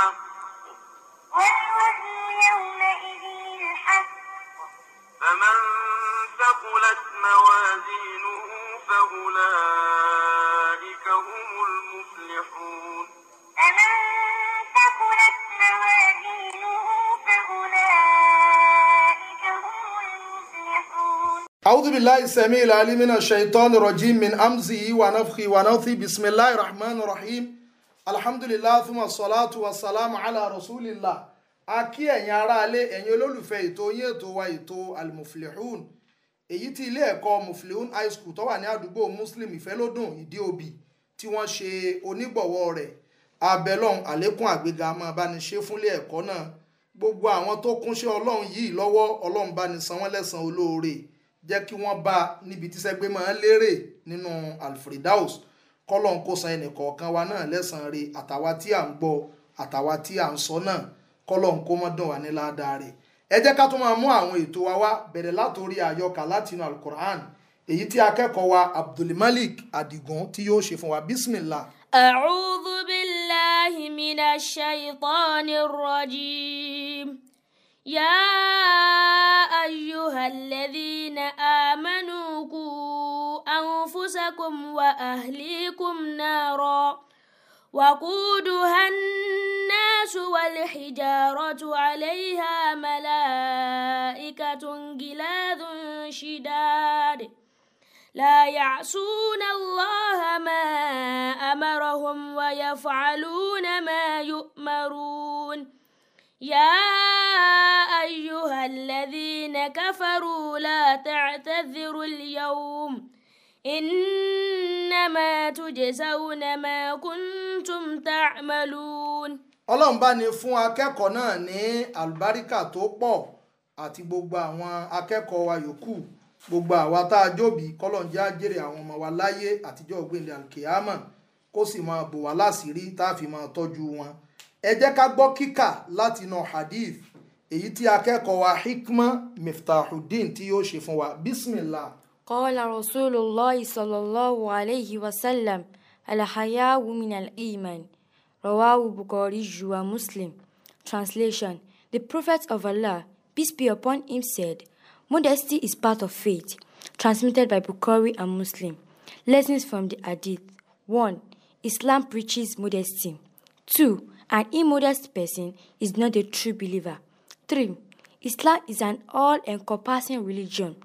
الحق والوزن يومئذ الحق فمن ثقلت موازينه فأولئك هم المفلحون فمن ثقلت موازينه فأولئك هم المفلحون أعوذ بالله السميع العليم من الشيطان الرجيم من أمزه ونفخه ونوثه بسم الله الرحمن الرحيم alhamdulillah thumma salatu wa salamu ala rasulillah a kí ẹ̀yin aráalé ẹ̀yin olólùfẹ́ ètò yín ètò wa ètò almuflihun èyí tí ilé ẹ̀kọ́ muflihun high school tó wà ní àdúgbò muslim ìfẹ́lódùn ìdí òbí tí wọ́n ṣe onígbọ̀wọ́ rẹ̀ abẹ́lọ́n àlékún àgbéga máa bá ní ṣe fúnlé ẹ̀kọ́ náà gbogbo àwọn tó kúnṣẹ́ ọlọ́run yìí lọ́wọ́ ọlọ́run bá ní san wọ́n lẹ́san olóore jẹ́ kí wọ́n bá níbi tíṣẹ́gbé máa lérè nínú alfredaus kọ́lọ́n kó san ẹnìkọ̀ọ̀kan wa náà lẹ́sàn-án rẹ̀ àtàwa tí à ń gbọ́ àtàwa tí à ń sọ náà kọ́lọ́n kó mọ́ dùn ní ládàá rẹ̀ ẹ jẹ́ ká tún máa mú àwọn ètò wa wá bẹ̀rẹ̀ látòrí àyọkà láti inú alukur'an èyí tí akẹ́kọ̀ọ́ wa abdulmalik adigun tí yóò ṣe fún wa bismillah. a'udhu billahi minash shaytanir rajim ya ayyuhalladhina amanu. أنفسكم وأهليكم نارا وقودها الناس والحجارة عليها ملائكة غلاظ شداد لا يعصون الله ما أمرهم ويفعلون ما يؤمرون يا أيها الذين كفروا لا تعتذروا اليوم إنما tujzauna ما كنتم تعملون. ọlọ́run bá ní fún akẹ́kọ̀ọ́ náà ní àlùbáríkà tó pọ̀ àti gbogbo àwọn akẹ́kọ̀ọ́ wa yòókù gbogbo àwa tá a jóbi kọ́lọ́njẹ́ àjèrè àwọn ọmọ wa láyé àtijọ́ ògbìnlẹ̀ alkiyama kó sì máa bò wá láṣìírí tá a fi máa tọ́jú wọn. ẹ jẹ́ ká gbọ́ kíkà láti inú hadith èyí tí akẹ́kọ̀ọ́ wa hikma miftahuddin tí yóò ṣe fún wa bismillah. قال رسول الله صلى الله عليه وسلم الحياء من الإيمان رواه Translation The Prophet of Allah peace be upon him said modesty is part of faith transmitted by Bukhari and Muslim Lessons from the Hadith 1 Islam preaches modesty 2 an immodest person is not a true believer 3 Islam is an all-encompassing religion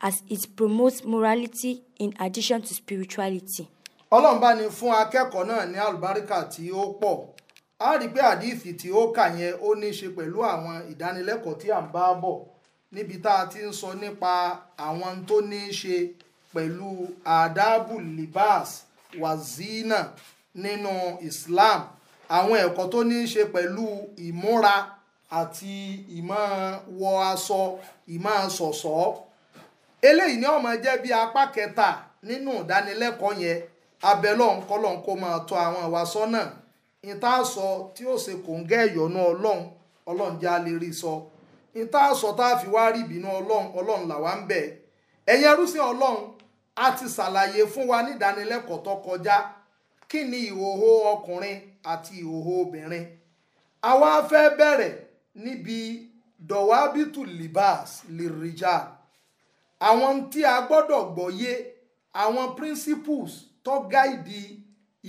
as it promotes morality in addition to spirituality. ọlọ́run bá ní fún akẹ́kọ̀ọ́ náà ní àlùbáríkà tí ó pọ̀ a rí i pé àdìsí tí ó kà yẹn ó ní í ṣe pẹ̀lú àwọn ìdánilẹ́kọ̀ọ́ tí à ń bá bọ̀ níbi tá a ti ń sọ nípa àwọn tó ní í ṣe pẹ̀lú àdábù libas wazina nínú Islam àwọn ẹ̀kọ́ tó ní í ṣe pẹ̀lú ìmúra àti ìmọ̀ wọ aṣọ ìmọ̀ sọ̀sọ́. So, eléyìí ni ọmọ máa jẹ́ bí apá kẹta nínú ìdánilẹ́kọ̀ọ́ yẹn abẹ́lọ́hún kọ́lọ́hún kó máa tọ́ àwọn ìwà sọ́nà ìta sọ tí ó ṣe kò ń gẹ́ ìyọ̀nú ọlọ́run ọlọ́run sọ ìta sọ tá a fi wá rí ìbínú ọlọ́run ọlọ́run làwa ń bẹ̀ ẹ̀yẹn a ti ṣàlàyé fún wa ní ìdánilẹ́kọ̀ọ́ tó kọjá kí ni ìhòhò ọkùnrin àti ìhòhò obìnrin àwa fẹ́ bẹ̀rẹ̀ níbi libas lè àwọn tí a gbọ́dọ̀ gbọ́yé àwọn principles tó gáìdì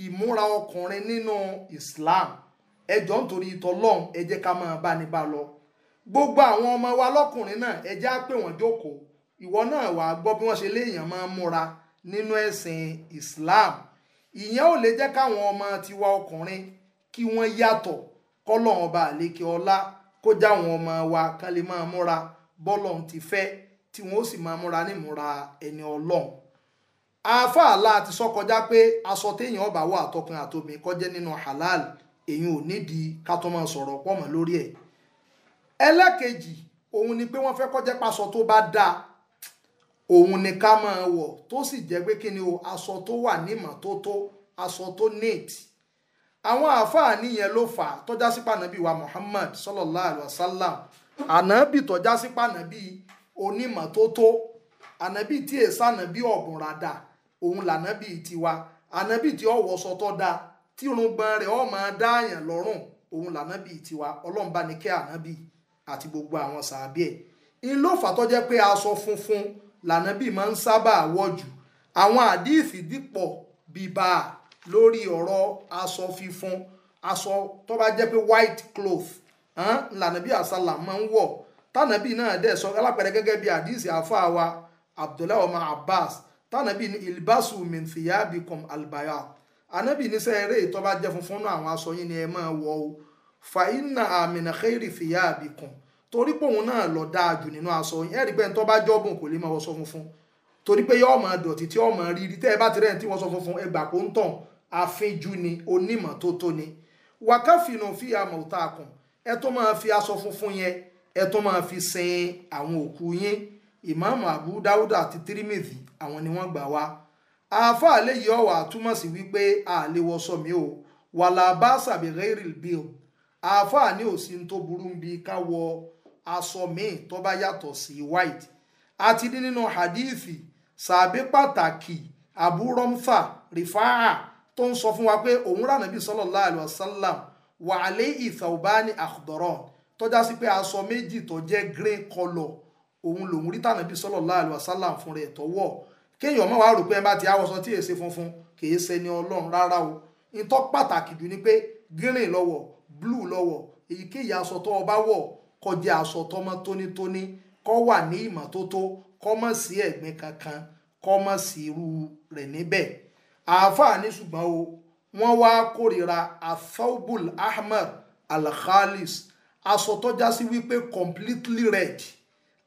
ìmúra ọkùnrin nínú Islam ẹjọ́ nítorí ìtọ́lọ́run ẹ jẹ́ ká máa bá ní bá lọ gbogbo àwọn ọmọ wa lọ́kùnrin náà ẹ jẹ́ á pè wọ́n jókòó ìwọ náà wàá gbọ́ bí wọ́n ṣe léèyàn máa múra nínú ẹ̀sìn Islam ìyẹn ò lè jẹ́ káwọn ọmọ tiwa ọkùnrin kí wọ́n yàtọ̀ kọ́lọ́run ọba àlékè ọlá kó já àwọn ọmọ wa kan lè máa múra bọ́lọ̀ ti fẹ́ tí wọn ó sì máa múra ní múra ẹni ọlọ́run àáfàá láti sọ kọjá pé aṣọ téèyàn ọba wà àtọkùn àtòmí kọjá nínú halal èyí ò nídìí ká tó máa sọ̀rọ̀ pọ̀ mọ́ lórí ẹ̀ ẹlẹ́kejì òun ni pé wọ́n fẹ́ kọjá paṣọ tó bá dáa òun ni ká máa wọ̀ tó sì jẹ́ pé kí ni o aṣọ tó wà nímọ́tótó aṣọ tó neat àwọn àáfàá nìyẹn ló fà á tọ́já sí pànàbí wa Muhammad sallallahu alayhi wa sallam ànábì tọ́já sí pànàbí onímọ̀tótó ànábì tí è sànàbí ọ̀bùn ràdà òun lànàbì tiwa ànábì tí ó wọṣọ tó dáa tí irùngbọ̀n rẹ̀ ó máa dáàyàn lọ́rùn òun lànàbì tiwa ọlọ́run bá kẹ́ ànábì àti gbogbo àwọn sàábì ẹ̀ ńlọ́fà tó pé aṣọ funfun lànàbì máa ń sábà wọ̀ jù àwọn àdíìsì dípọ̀ bíbá lórí ọ̀rọ̀ aṣọ fífun aṣọ tó bá jẹ́ pé white cloth lànàbì àsálà máa ń wọ̀ tánàbí náà dẹ̀ sọ alápẹ̀rẹ̀ gẹ́gẹ́ bí àdìsí àfáà wa abdullahi Omar abbas tánàbí ní ilbasu min thiyabikum albaya anabi ní sẹ́ẹ̀rẹ́ ìtọ́ba jẹ́ funfun náà àwọn aṣọ yín ni ẹ máa wọ̀ o fa inna amina khairi thiyabikum torí pé òun náà lọ dáa jù nínú aṣọ yín ẹ̀rí pé ntọ́ bá jọ́bùn kò lè máa wọṣọ funfun torí pé yọ́ọ̀mọ̀ dọ̀tí tí ọmọ rírí tẹ́ ẹ bá ti rẹ̀ tí wọ́n sọ funfun ẹgbà kó ń tàn àfinjú ni onímọ̀ tó tó ni wákàfínà fi àmọ̀ òtá ẹ tó máa fi aṣọ funfun yẹn ẹ tó máa fi sin àwọn òkú yín ìmáàmù abu dáúdà àti tirimidhi àwọn ni wọ́n gbà wá àáfàá léyìí ọ̀wà túmọ̀ sí wípé àléwọ́ sọmi o wàlà bá sàbí rẹ́rìl bíl àáfàá ní òsì tó burú ń ká wọ aṣọ míì tó bá yàtọ̀ sí white àti nínú hadithi sàbí pàtàkì abu romfa rifaa tó ń sọ fún wa pé òun rà nàbí sallallahu alaihi wà á lé ìfẹ́ òbá ní àkùdọ̀rọ̀ tọ́já sí pé aṣọ méjì tó jẹ́ grey colour òun lòun rí tànàbí sallallahu alaihi wasallam fún rẹ̀ tọ́wọ́ kéèyàn mọ̀ wá rò pé ẹ bá ti awọsọ tí èsè funfun kìí ṣẹni ọlọ́run rárá o ìtọ́ pàtàkì jù ni pé green lọ́wọ́ blue lọ́wọ́ èyíkéyìí aṣọ tó o bá wọ̀ kó jẹ́ aṣọ tó mọ́ tónítóní kó wà ní ìmọ́tótó kó má sí ẹ̀gbin kankan kó má sí irú rẹ̀ níbẹ̀ àáfàá ṣùgbọ́n o wọ́n wá kórìíra athaubul ahmar alkhalis aṣọ tó já sí wípé completely red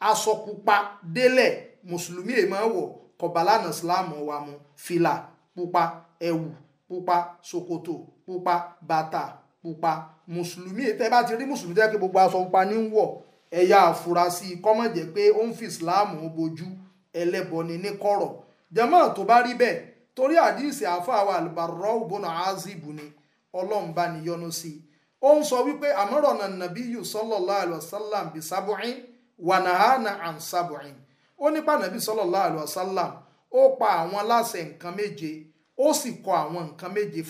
aṣọ pupa délẹ̀ mùsùlùmí ẹ̀ máa wọ̀ kọ̀bálànà síláàmù wa mu fìlà pupa ẹ̀wù pupa ṣòkòtò pupa bàtà pupa mùsùlùmí ẹ̀ tẹ́ bá ti rí mùsùlùmí tẹ́ pé gbogbo aṣọ pupa ní ń wọ̀ ẹ̀yà àfúrásì kọ́mọ̀ jẹ́ pé ó ń fi ìsìláàmù bojú ẹlẹ́bọ ni ní kọ̀rọ̀ jẹ́mọ́ tó bá rí bẹ́ẹ̀ torí àdìsí àáfàá wa àlùbárọ́ òbónà áàzìbù ni ọlọ́run bá ní yọ́nú sí i ó ń sọ wípé àmọ́rọ̀nà nàbí yù sallallahu alaihi wasallam bí sábùín wà nàhánà àn sábùín ó nípa nàbí sallallahu alaihi wasallam ó pa àwọn nǹkan kọ àwọn nǹkan méje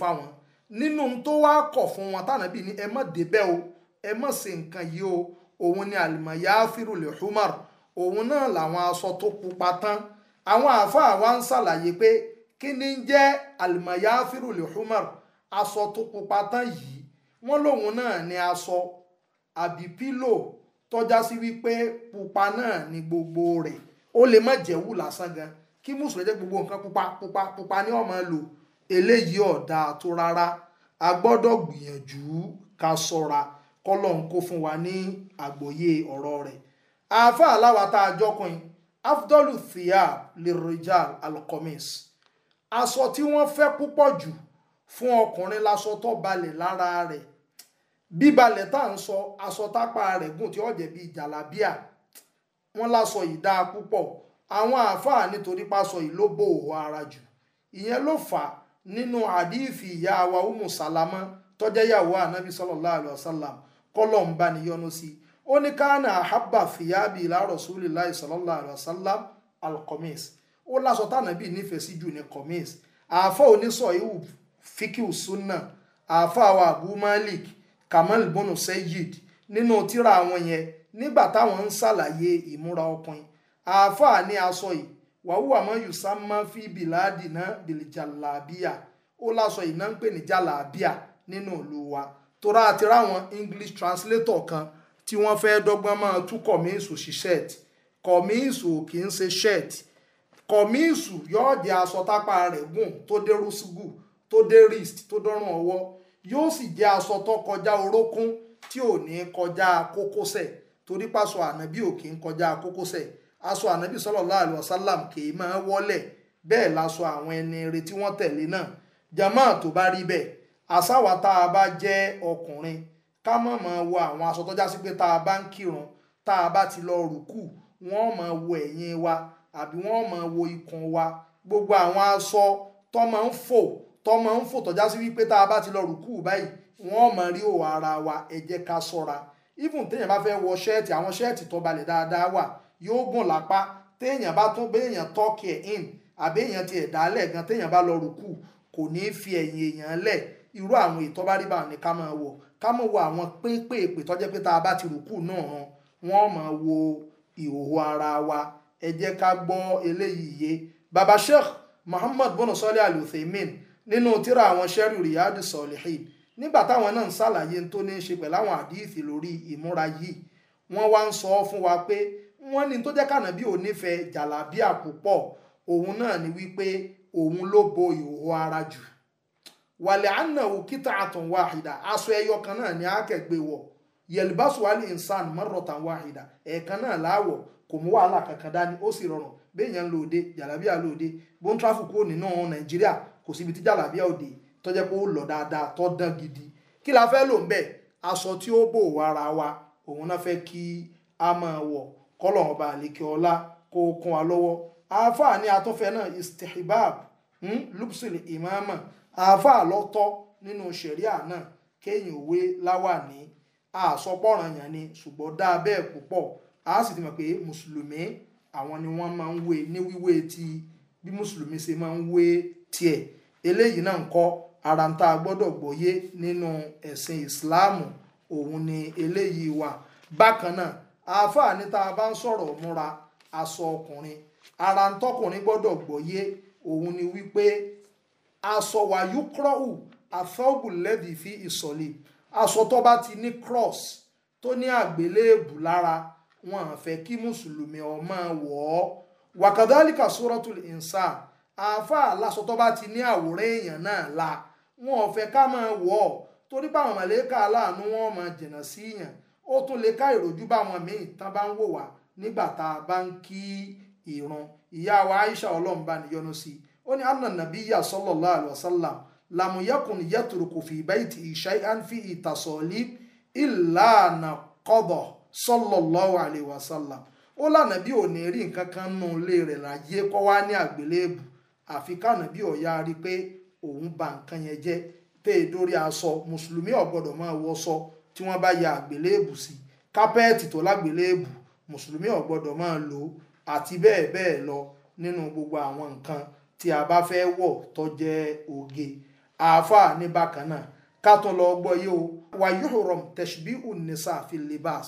nínú tó wá fún wọn ni ẹ o ẹ má ṣe nǹkan yìí o òun ni al humar òun náà làwọn aṣọ tó pupa tán àwọn àáfàá wa ń pé kí ni wọ́n lòun náà ni aṣọ àbí pílò tọ́já sí wípé pupa náà ni gbogbo rẹ̀ ó lè má jẹ́ wù lásán gan kí mùsùlùmí jẹ́ gbogbo nǹkan pupa pupa pupa ni ọmọ lò eléyìí ọ̀dà tó rárá a gbọ́dọ̀ gbìyànjú ká ṣọ́ra kọ́lọ́n kó fún wa ní àgbọ́yé ọ̀rọ̀ rẹ̀ àáfà aláwa tá a jọkùn afdolu thiyab lirijal alkomis aṣọ tí wọ́n fẹ́ púpọ̀ jù fún ọkùnrin láṣọ tó balẹ̀ lára rẹ̀ bíbalẹ̀ tá à ń sọ aṣọ rẹ̀ gùn tí ó jẹ́ bíi jàlábíà wọ́n láṣọ yìí dáa púpọ̀ àwọn àáfàá nítorí pásọ yìí ló bò ó ara jù ìyẹn ló fà á nínú àdífì ìyá wa umu salama tọ́jẹ́yàwó anabi sallallahu alayhi wa sallam kọ́lọ́ǹba níyọnu sí ó ní káànà àhábà fìyàbì ila rasulillahi sallallahu alayhi wa sallam alqamis ó láṣọ tánàbì nífẹ̀ẹ́ sí jù ní qamis àáfàá onísọ̀ ìwù fíkìú sunna àáfàá wa abu malik Kamal bonu Sayyid nínú tírà àwọn yẹn nígbà táwọn ń ṣàlàyé ìmúra ọkùnrin àáfàá ní aṣọ yìí wàhùwà mọ́ yusamma fi bìláàdì náà bìlìjàlábíà ó láṣọ yìí náà ń pè ní jàlábíà nínú ìlú wa torá àti ráwọn English translator kan tí wọ́n fẹ́ dọ́gbọ́n máa tú kọ̀míìsù sí shirt kọ̀míìsù kì í ṣe shirt kọ̀míìsù yóò jẹ́ aṣọ tápá rẹ̀ gùn tó dé rúṣùgù tó dé wrist tó dọ́rùn ọwọ́ yóò sì jẹ́ aṣọ tó kọjá orókún tí ò ní kọjá kókósẹ̀ torí pàṣọ ànábì ò kì í kọjá kókósẹ̀ aṣọ ànábì sallallahu alaihi wasallam kì í máa wọlẹ̀ bẹ́ẹ̀ laṣọ àwọn ẹni rẹ̀ tí wọ́n tẹ̀lé náà jama tó bá rí bẹ́ẹ̀ àṣàwà tá a bá jẹ́ ọkùnrin ká mọ̀ mọ̀ wọ àwọn aṣọ tó já pé tá a bá ń kírun tá a bá ti lọ rùkù wọ́n mọ̀ wo ẹ̀yìn wa àbí wọ́n mọ̀ wo ikùn wa gbogbo àwọn aṣọ tó ń fò tọmọ ń fò tọ́já sí wípé tá a bá ti lọ rùkú báyìí wọ́n mọ̀ rí òwò ara wa ẹ jẹ́ ká ṣọ́ra even téèyàn bá fẹ́ wọ ṣẹ́ẹ̀tì àwọn ṣẹ́ẹ̀tì tó balẹ̀ dáadáa wà yóò gùn lápá téèyàn bá tún béèyàn tọ́kì ẹ̀ in àbí èèyàn ti ẹ̀dá lẹ̀ gan téèyàn bá lọ rùkú kò ní í fi ẹ̀yìn èèyàn lẹ̀ irú àwọn ètò bá rí báwọn ni ká máa wọ̀ ká máa wọ àwọn pínpínpín tó pé tá a bá ti rùkú náà hàn wọ́n máa wo ìhòòhò ara wa ẹ jẹ́ ká gbọ́ eléyìí yé baba sheikh muhammad bono sọ́lé al nínú tíra àwọn sẹ́rù riyadu salihin nígbà táwọn náà ń ṣàlàyé tó ní í ṣe pẹ̀lú àwọn àdíìsì lórí ìmúra yìí wọ́n wá ń sọ fún wa pé wọ́n ní tó jẹ́ kànábí ò nífẹ̀ẹ́ jàlábíà púpọ̀ òun náà ni wípé òun ló bo ìhòòhò ara jù wàlẹ̀ ànáwó kíta àtàn wáhìdá aṣọ ẹyọ kan náà ni akẹgbẹ́ wọ̀ yẹlibasuwali insan mọ́rọ̀tàn wáhìdá ẹ̀ẹ̀kan náà láwọ̀ kò mú wàhálà kankan dání ó sì rọrùn béèyàn lòde jàlábíà lòde bóńtráfù kúrò nínú nàìjíríà kò síbi tí jàlábíà òde tó jẹ́ pé ó lọ dáadáa tó dán gidi kí la fẹ́ lò ń bẹ̀ aṣọ tí ó bò wá ara wa òun náà fẹ́ kí a máa wọ̀ kọ́lọ̀ ọba àlekè ọlá kó kún wa lọ́wọ́ àáfàá ní atúnfẹ́ náà istihbab hmm, lupsil imama àáfàá lọ́tọ́ nínú ṣẹ̀ríà náà kéèyàn òwe láwà ní àsọpọ̀ràn yàn ni ṣùgbọ́n dáa bẹ́ẹ̀ púpọ̀ a sì ti mọ̀ pé mùsùlùmí àwọn ni wọ́n máa ń wé ní wíwé ti bí mùsùlùmí ṣe máa ń wé tiẹ̀ eléyìí náà ń kọ́ ara ń tá a gbọ́dọ̀ gbọ́yé nínú ẹ̀sìn ìsìláàmù òun ni eléyìí wà bákan náà àáfàá ní tá a bá ń sọ̀rọ̀ múra aṣọ ọkùnrin ara ń tọkùnrin gbọ́dọ̀ gbọ́yé òun ni wípé aṣọ wàyú kúrọ́hù àfẹ́ògùnlẹ́bì fi ìsọ̀lẹ̀ aṣọ tó bá ti ní cross tó ní àgbélébù lára wọn àfẹ́ kí mùsùlùmí ọmọ wọ̀ ọ́ wàkàdálíkà suratul insan afọ lásọ tó bá ti ní àwòrán èèyàn náà la wọn ò fẹ́ ká máa wọ̀ ọ́ torí báwọn màlẹ́kà aláàánú wọn máa jìnnà sí èèyàn ó tún lè ká ìròjú báwọn míì tán bá ń wò wá nígbà tá a bá ń kí ìran ìyá wa Aisha ọlọ́run níyọnu sí i ó ní anna nabiyya fi ìlànà kọ́bọ̀ ó lànà bí rí àfi kànà bí ọ̀ya rí i pé òun ba nǹkan yẹn jẹ́ tẹ́ ẹ dórí aṣọ mùsùlùmí ọ̀gbọ́dọ̀ máa wọṣọ tí wọ́n bá ya àgbélébù sí kápẹ́ẹ̀tì tó lágbélébù mùsùlùmí ọ̀gbọ́dọ̀ máa lò ó àti bẹ́ẹ̀ bẹ́ẹ̀ lọ nínú gbogbo àwọn nǹkan tí a bá fẹ́ wọ̀ tó jẹ́ oge àáfàá ní bákan náà ká tó lọ gbọ́ yé o wayuhrum tashbihu nisa fil libas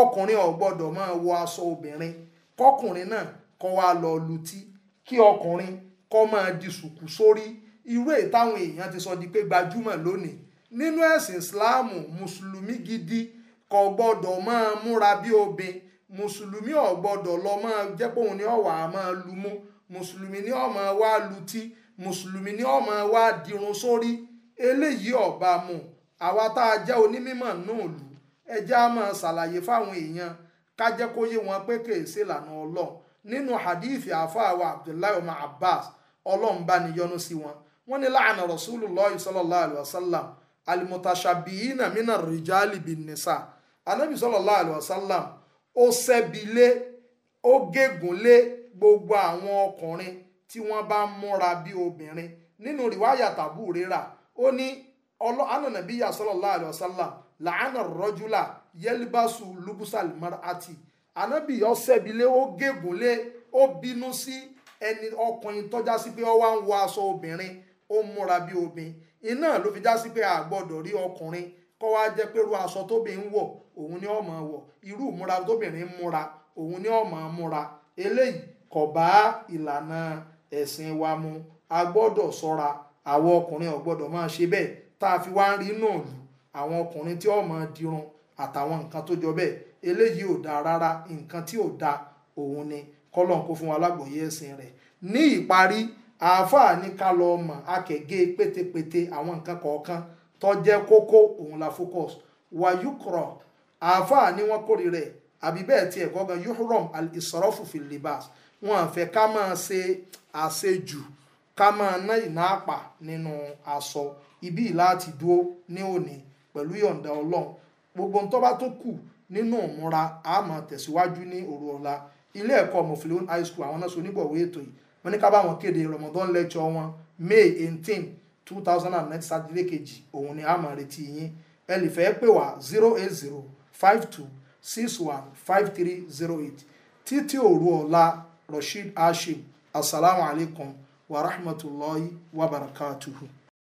ọkùnrin ọ̀gbọ́dọ̀ máa wọ aṣọ obìnrin kọkùnrin náà kọ́ wa lọ lutí kí ọkùnrin kọ́ máa di sùkú sórí irú èyí táwọn èèyàn ti sọ di pé gbajúmọ̀ lónìí nínú ẹ̀sìn ìsìláàmù mùsùlùmí gidi kò gbọ́dọ̀ máa múra bí obìn mùsùlùmí ò gbọ́dọ̀ lọ máa jẹ́ pé òun ni ọ̀wà máa lu mú mùsùlùmí ni ó máa wá lutí mùsùlùmí ni ó máa wá dirun sórí eléyìí ò bá mu àwa tá a jẹ́ onímọ̀ náà lù ẹjẹ́ á máa ṣàlàyé fáwọn èèyàn ká jẹ́ kó yé wọn pé kèé ṣèlànà ọlọ́run nínú hadithi àfáàwọ̀ abdullahi ọmọ abbas ọlọ́run bá ní yọ́nú sí wọn wọ́n ní láàánà rasulullahi sallallahu alayhi wa sallam alimutashabiyina mina rijali bin nisa anabi sallallahu alayhi wa sallam ó ṣẹ́bilé ó gégùnlé gbogbo àwọn ọkùnrin tí wọ́n bá ń múra bí obìnrin nínú rìwáyà tàbú rírà ó ní anànàbíyà sallallahu alayhi wa sallam làánà rọ́júlà yẹlibásù ànábì ọ̀sẹ̀bílé ó gégùnlé ó bínú sí ẹni ọkùnrin tọ́já sí pé ó wá ń wọ aṣọ obìnrin ó ń múra bí obìn iná ló fi já sí pé a gbọ́dọ̀ rí ọkùnrin kọ́ wá jẹ́ pé irú aṣọ tóbìn ń wọ̀ òun ni ó máa wọ̀ irú ìmúra tóbìnrin ń múra òun ni ó múra eléyìí kò bá ìlànà ẹ̀sìn wa mu a gbọ́dọ̀ àwọn ọkùnrin ò máa ṣe bẹ́ẹ̀ tá a fi wá ń rí náà lù àwọn ọkùnrin tí ó dirun àtàwọn nǹkan tó jọ bẹ́ẹ̀ eléyìí ò dáa rárá nǹkan tí ò dáa òun ni kọ́lọ́n kó fún wa lágbòye ẹ̀sìn rẹ̀ ní ìparí àáfàá ní ká lọ mọ̀ akẹ̀gẹ́ pétépété àwọn nǹkan kọ̀ọ̀kan tó kókó òun la focus wayukro àáfàá ní wọ́n kórìíra ẹ̀ àbí bẹ́ẹ̀ tiẹ̀ gọ́gàn yuhrom al-israfu fi libas wọn àfẹ́ ká máa ṣe àṣejù ká máa ná ìná àpà nínú aṣọ ibi láti dúró ní òní pẹ̀lú yọ̀ǹda ọlọ́run gbogbo ohun tó bá tún kù nínú ìmúra a máa tẹ̀síwájú ní òru ọ̀la ilé ẹ̀kọ́ mọ̀fìlẹ́hún high school àwọn náà sonígbọ̀wé ètò yìí wọ́n ní ká bá wọn kéde Ramadan lecture wọn May eighteen two thousand and nine sátidé kejì òun ni a máa retí yín ẹ lè fẹ́ pè wá zero eight zero five two six one five three zero eight títí òru ọ̀la Rasheed Hashim asalaamualeykum wa rahmatulahi wa barakatuhu.